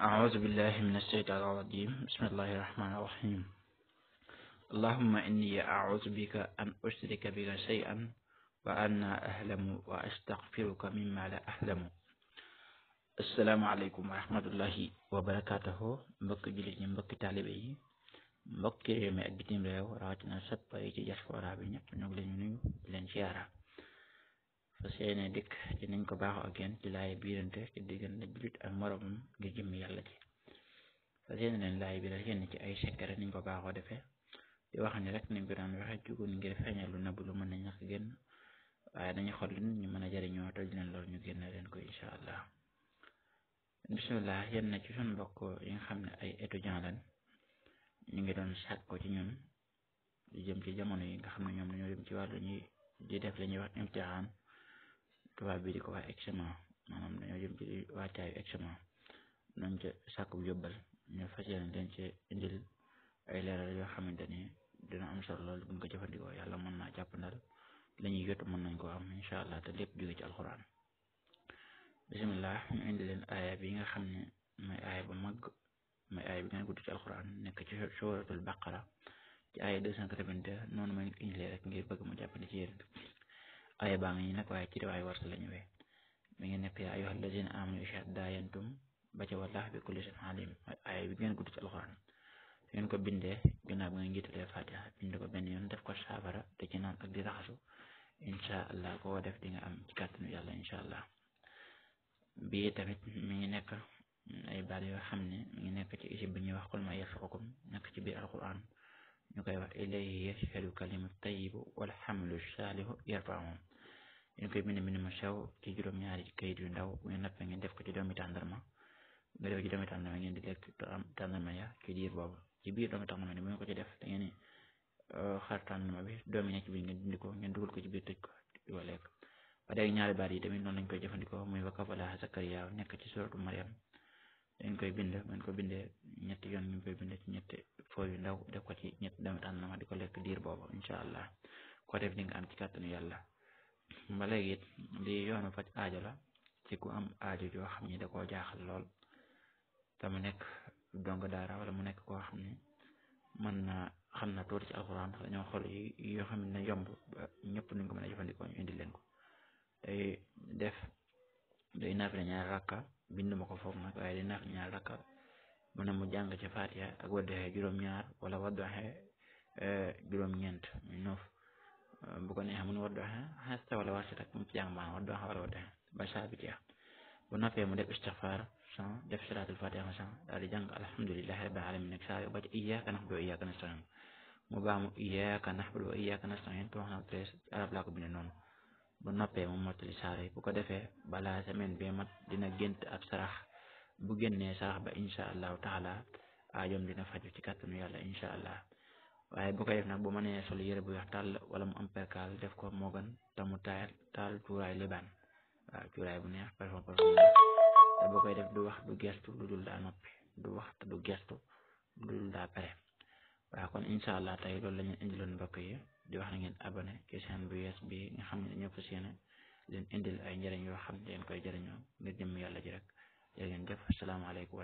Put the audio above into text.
أعوذ بالله من الشيطان الرجيم بسم الله الرحمن الرحيم اللهم إني أعوذ بك أن أشرك بك شيئا وأنا أهلم وأستغفرك مما لا أهلم السلام عليكم ورحمة الله وبركاته مبكي جلجي مبكي تالبي مبكي ريمي أجتيم ريو راتنا ak يجي réew rawatina sat نيو ci fas yéene dikk ci nañ ko baaxo ak yéen ci laay biirante ci diggante jullit ak moromam ngir jëmm yàlla ji fas yéene leen laay biiral ci ay secret niñ ko baaxoo defee di wax ni rek niñ ko daan waxee jugun ngir feeñal lu nëbb lu mën a ñàkk génn waaye dañu xol lu ñu mën a jëriñoo toj leen lool ñu génn leen ko incha allah bisimilah yéen ci suñu mbokk yi nga xam ne ay étudiant lan ñu ngi doon ko ci ñun di jëm ci jamono yi nga xam ne ñoom dañoo ci wàllu ñuy def la ñuy wax imtixaan tubaab bi di ko wax examen maanaam dañoo jëm ci waajtaayu examen nañ ca sàkku yóbbal ñu fas yéene leen ci indil ay leeral yoo xamante ni dina am solo lool buñ ko jëfandikoo yàlla mën naa jàppandal la ñuy jot mën nañ ko am incha allah te lépp jóge ci alxuraan bisimilah ñu indi leen aaya bi nga xam ne mooy aaya bu mag mooy aaya bi gën a gudd ci alxuraan nekk ci suratul baqara ci aaya deux cent quatre-vingt-deux noonu ma ñu ko rek ngir bëgg mu jàppandi ci yéen ayabamina kwa yakira ay warsalanyewe mingene pe ayu allazina nekk ishaddayantum ba ci wallahi bi kulli shay'in alim ay bi ngeen gudd ci alquran ngeen ko binde ginnaaw bi ngeen jiitalee fatiha ko yoon def ko saafara te naan ak insha allah koo def di nga am ci kàttanu yàlla insha allah bii tamit mi ngi nekk ay baat yoo xam ne mi ngi nekk ci isib ñuy wax xul ma nekk ci biir alquran ñu koy wax ilayhi yashhadu kalimu tayyib wal xamlu saalihu yarfa'uhum ñu koy bind bind mu sew ci juróom-ñaari kayit yu ndaw bu ngeen nappee def ko ci doomi tàndarma nga def ci doomi tàndarma ngeen di lekk tàndarma ya ci diir boobu ci biir doomi tàndarma ne bu ngeen ko ci def da ngeen euh, xar tàndarma bi doomi bi ngeen dindi ko ngeen dugal ko ci biir tëj ko ñaari baat yi tamit noonu nañ koy jëfandikoo muy wa kafalaha Zakariya nekk ci soot Maryam dañ koy bind buñ ko bindee ñetti yoon ñu koy bind ci ñetti foo yu ndaw def ko ci ñetti doomi tàndarma di ko lekk diir boobu incha allah ko def di nga am ci kàttanu yàlla ba léegi it lii yoonu faj aajo la ci ku am aajo joo xam ni da koo jaaxal lool te mu nekk dong daara mu nekk koo mën na xam na tuuti ci alxuraan ndax dañoo xool yi yoo xam ne yomb ba ñëpp nuñ ko mën a jëfandikoo ñu indi leen ko day def day naafila ñaari rakka bind mako fof nak way waaye dina ñaar rakka mu mu jang ci fatiha ya. ak wadduxe juroom ñaar wala euh juroom ñent muy nof eh, bu ko neex mu ne wadduxe hasta wala wasi rek mu jang jàng baax wadduxe wala wadde ba sha bi jeex ya. bu fe mu def istighfar sa def salatul fatiha sa daal di jàng alhamdulilahi rabbil alamin ak sa yu ba ci iyyaka nahbudu wa iyyaka nastain mu baamu iyyaka nahbudu wa iyyaka nastain wax na treize arab laa ko bindee non ba noppee mu mottali saare bu ko defee balaa semaine bi mat dina gént ab sarax bu génnee sarax ba incha allahu taala aajoom dina faju ci kàttanu yàlla incha allah waaye bu ko def nag bu mënee sol yére bu weex tàll wala mu am perkaal def ko moo gën te mu taayal taal cuuraay libaan waaw cuuraay bu neex parfum parfum te bu koy def du wax du gestu du dul daa noppi du wax te du gestu du dul daa pare waaw kon incha allah tey loolu la ñu indiloon mbokk yi. di wax na ngeen abonné ci chaîne bu yees bi nga xam ne ñoo fas yéene leen indil ay njëriñ yoo xam ne leen koy jëriñoo ngir jëm yàlla ji rek jërë ngeen jëf